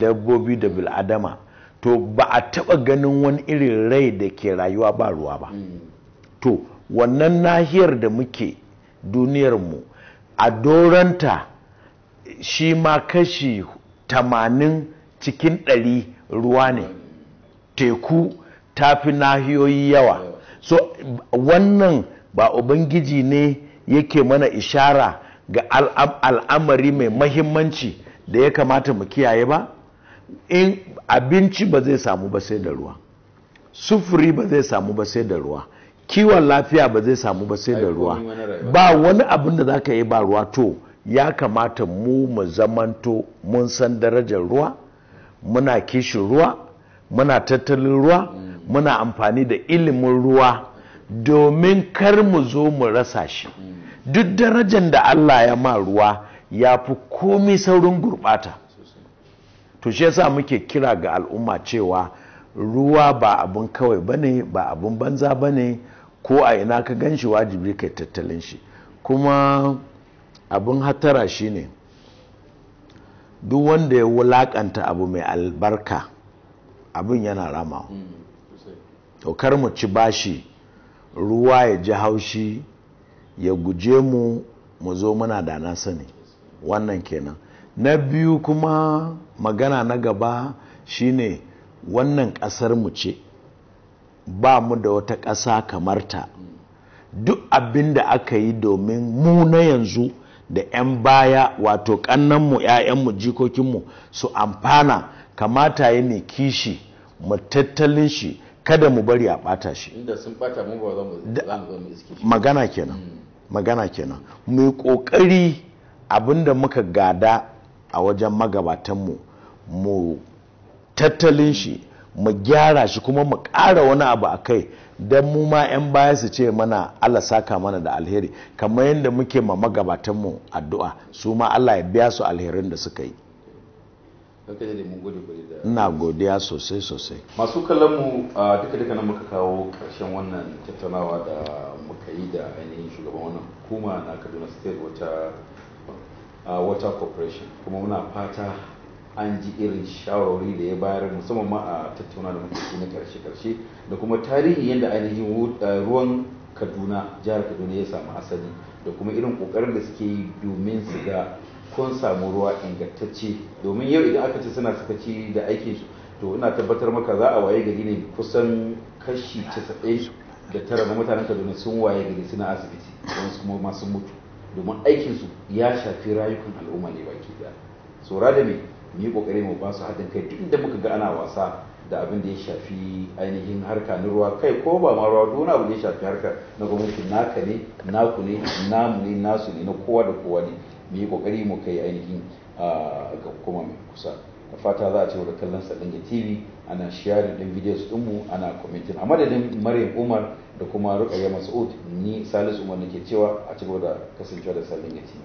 dabbobi da bil'adama to ba a taɓa ganin wani irin rai da ke rayuwa ba ruwa ba to wannan nahiyar da muke duniyar mu, a doranta shi ma kashi tamanin cikin ɗari ruwa ne teku ta fi nahiyoyi yawa so wannan ba ubangiji ne yake mana ishara ga al'amari mai mahimmanci da ya kamata mu kiyaye ba in abinci ba zai samu ba sai da ruwa sufuri ba zai samu ba sai da ruwa kiwon lafiya ba zai samu ba sai da ruwa ba wani abin da za ka yi ba ruwa to ya kamata mu mu zamanto mun san darajar ruwa muna kishin ruwa muna tattalin ruwa mm. muna amfani da ilimin ruwa domin kar mu zo mu rasa shi mm. duk darajar da Allah ya ma ruwa ya fi komi saurin gurɓata to shi yasa muke kira ga al'umma cewa ruwa ba abun kawai bane ba abun banza bane ko a ina ka ganshi wajibi kai tattalin shi kuma abun hatara shine duk wanda ya wulaƙanta abu mai albarka abin yana rama mm, to kar mu ci bashi ruwa ya ji haushi ya guje mu mu zo muna da na sani wannan kenan na biyu kuma magana na gaba shine wannan ƙasar mu ce ba mu da wata ƙasa kamar ta duk abin da aka yi domin mu na yanzu da 'yan baya wato mu 'ya'yanmu jikokinmu su amfana kamata ya ne kishi mu tattalin shi kada mu bari a bata shi inda sun bata mu ba za mu iske magana kenan hmm. magana kenan mu yi kokari abinda muka gada a wajen magabatanmu mu tattalin shi mu gyara shi kuma mu ƙara wani abu a kai don mu ma 'yan baya su ce mana Allah saka mana da alheri kamar yadda muke ma magabatanmu addu'a su ma Allah ya biya su alherin da suka yi ina godiya sosai sosai masu kalanmu a duka duka na muka kawo karshen wannan tattaunawa da muka yi da ainihin shugaban wannan hukuma na kaduna state wata a water corporation kuma muna fata an ji irin shawarwari da ya bayar musamman ma a tattauna da mutum na karshe-karshe da kuma tarihi yadda ainihin ruwan kaduna jihar kaduna ya samu asali da kuma irin kokarin da suke yi domin su ga kun samu ruwa ingantacce domin yau idan aka ce suna sakaci da aikin su to ina tabbatar maka za a waye gari ne kusan kashi casa'in da tara na mutanen kaduna sun waye gari suna asibiti wasu kuma masu mutu domin aikinsu ya shafi rayukan al'umma ne baki da, tsora da me mu yi kokari mu ba su haɗin kai duk da muka ga ana wasa da abin da ya shafi ainihin harka na ruwa kai ko ba ma ruwa duk abin da ya shafi harka na gwamnati naka ne naku ne namu ne nasu ne na kowa da kowa ne mu yi kokari mu kai ainihin ah, ga kuma mai kusa da fata za a ci wadda kallon sa ɗanya tv ana sharing ɗin videos ɗinmu ana commenting a madadin maryam umar da kuma rukayya mas'ud ni salisu umar nake cewa a ci gaba da kasancewa da sallin tv